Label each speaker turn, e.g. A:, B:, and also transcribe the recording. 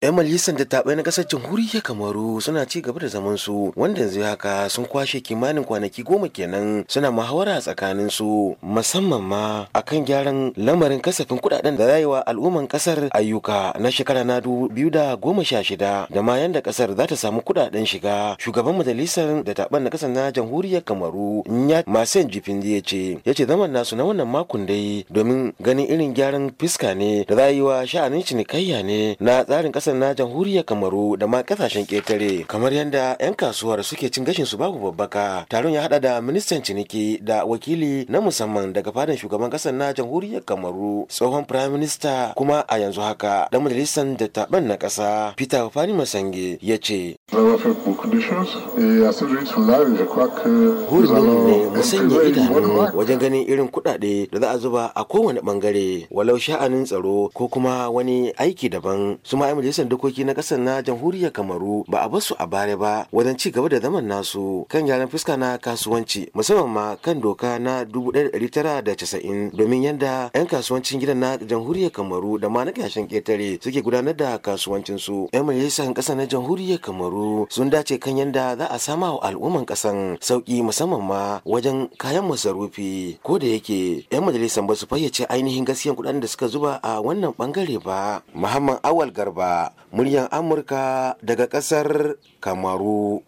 A: 'Yan majalisar dattabai na kasar jamhuriyar Kamaru suna ci gaba da zaman su wanda yanzu haka sun kwashe kimanin kwanaki goma kenan suna muhawara a tsakanin su musamman ma akan gyaran lamarin kasafin kudaden da wa al'umman kasar ayyuka na shekara na biyu da goma sha shida da ma yanda kasar za ta samu kudaden shiga shugaban majalisar dattaban na kasar na jamhuriyar Kamaru ya Masen Jifin ya ce ya ce zaman nasu na wannan makon dai domin ganin irin gyaran fiska ne da rayuwa sha'anin cinikayya ne na tsarin kasar siyasar na jamhuriyar kamaru da ma kasashen ketare kamar yadda 'yan kasuwar suke cin gashin su babu babbaka taron ya hada da ministan ciniki da wakili na musamman daga fadin shugaban kasar na jamhuriyar kamaru tsohon prime minister kuma a yanzu haka da majalisar dattaban na kasa peter fani masange ya ce
B: ne mu sanya idanu
A: wajen ganin irin kuɗaɗe da za a zuba a kowane bangare walau sha'anin tsaro ko kuma wani aiki daban su ma majalisar dokoki na kasar na jamhuriyar kamaru ba a basu a baya ba wajen ci gaba da zaman nasu kan gyaran fuska na kasuwanci musamman ma kan doka na da casa'in domin yadda 'yan kasuwancin gidan na jamhuriyar kamaru da ma na kashin ketare suke gudanar da su 'yan majalisar kasar na jamhuriyar kamaru sun dace kan yadda za a sama wa al'umman kasan sauki musamman ma wajen kayan masarufi ko da yake 'yan majalisar ba su fayyace ainihin gaskiyan kudaden da suka zuba a wannan bangare ba muhammad awal garba Amurka, muryar Amurka daga ƙasar Kamaru.